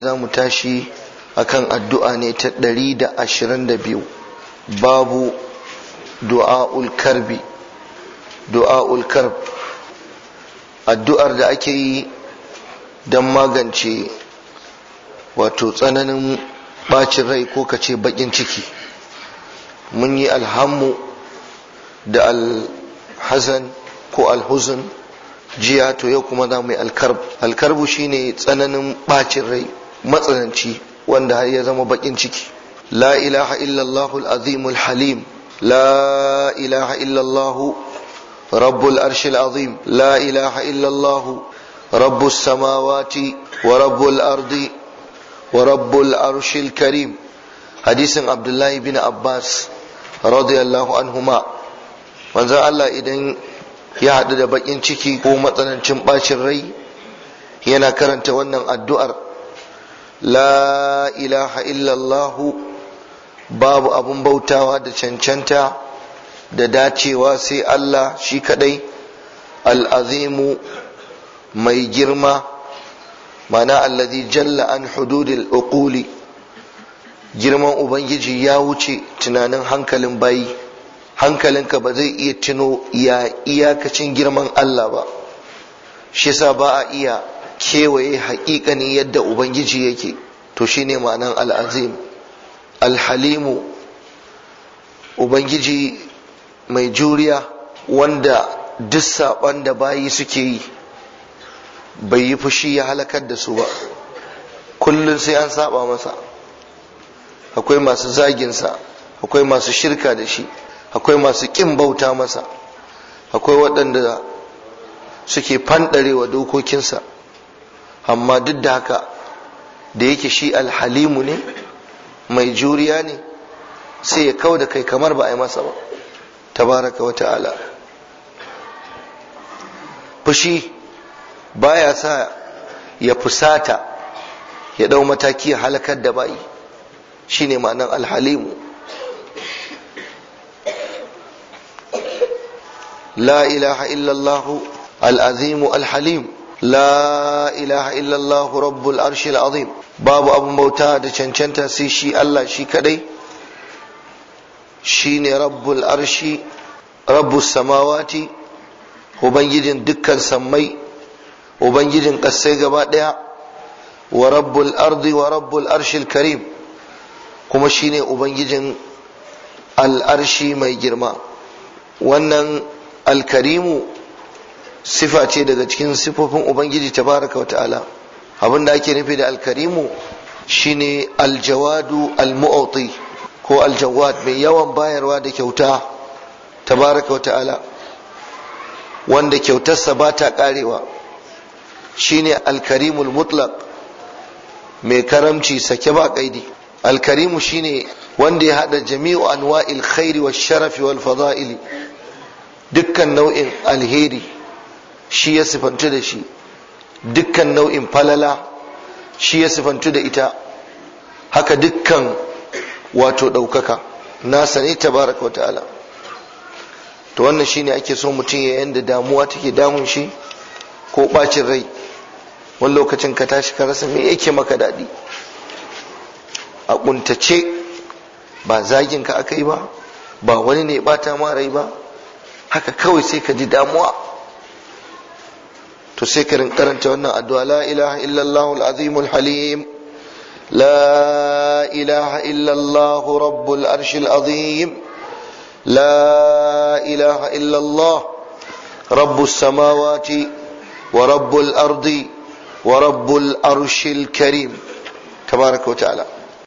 za mu tashi akan addu'a ne ta ɗari da ashirin da biyu. babu du'a'ul karbi du'a'ul karb addu'ar da ake yi don magance wato tsananin bacin rai ko kace bakin ciki mun yi alhammu da alhazan ko alhuzun jiya to yau kuma za mu yi alkarb alkarbu shine tsananin bacin rai matsananci wanda har ya zama baƙin ciki la ilaha illallahul azimul halim la ilaha illallahu rabbul arshil la ilaha illallahu rabbus samawati wa rabbul ardi wa karim hadisin abdullahi bin abbas radiyallahu anhuma manzon Allah idan ya haɗu da baƙin ciki ko matsanancin ɓacin rai yana karanta wannan addu'ar la ilaha illallahu babu abun bautawa da cancanta da dacewa sai Allah shi kadai al'azimu mai girma mana allazi jalla an hududil uquli girman ubangiji ya wuce tunanin hankalin bayi hankalinka ba zai iya tuno ya iyakacin girman Allah ba shi sa ba a iya kewaye ne yadda ubangiji yake to shine ma'anan al'azim alhalimu ubangiji mai juriya wanda duk saɓon da bayi suke yi bai yi fushi ya halakar da su ba kullum sai an saɓa masa akwai masu zaginsa akwai masu shirka da shi akwai masu ƙin bauta masa akwai waɗanda suke fanɗarewa dokokinsa amma duk da haka da yake shi alhalimu ne mai juriya ne sai ya kau da kai kamar ba a yi masa ba tabaraka wa ta'ala fushi baya sa ya fusata ya ɗau mataki ya halakar da bayi shine ma'anar alhalimu la ilaha illallahu al'azimu alhalim la ilaha illallah rabbul arshil azim babu abun bauta da cancanta sai shi Allah shi kadai shine rabbul arshi rabbus samawati ubangijin dukkan sammai ubangijin kasai gaba ɗaya, wa rabbul ardi wa rabbul arshil karim kuma shine ubangijin al'arshi mai girma wannan alkarimu sifa ce daga cikin sifofin ubangiji tabaraka wata'ala abin da ake nufi da alkarimu shine aljawadu almu'ti ko aljawad mai yawan bayarwa da kyauta tabaraka wata'ala wanda kyautarsa ba ta karewa shine alkarimul mutlaq mai karamci sake ba kaidi alkarimu shine wanda ya hada jami'u anwa'il khairi wa sharafi wal fada'ili dukkan nau'in alheri shi ya sifantu da shi dukkan nau'in falala shi ya sifantu da ita haka dukkan wato ɗaukaka nasa ne tabaraka wa ta'ala to wannan shi ne ake so mutum ya yanda damuwa take damun shi ko bacin rai wani lokacin ka tashi ka rasa me yake maka daɗi a ƙuntace ba zagin ka aka yi ba ba wani ne bata mara rai ba haka kawai sai ka ji damuwa to sai karin karanta wannan addu'a la ilaha illallah alazim alhalim la ilaha illallah rabbul arsh al-azim la ilaha illallah rabbus samawati wa rabbul ardi wa rabbul arshil karim tabaraka wa ta'ala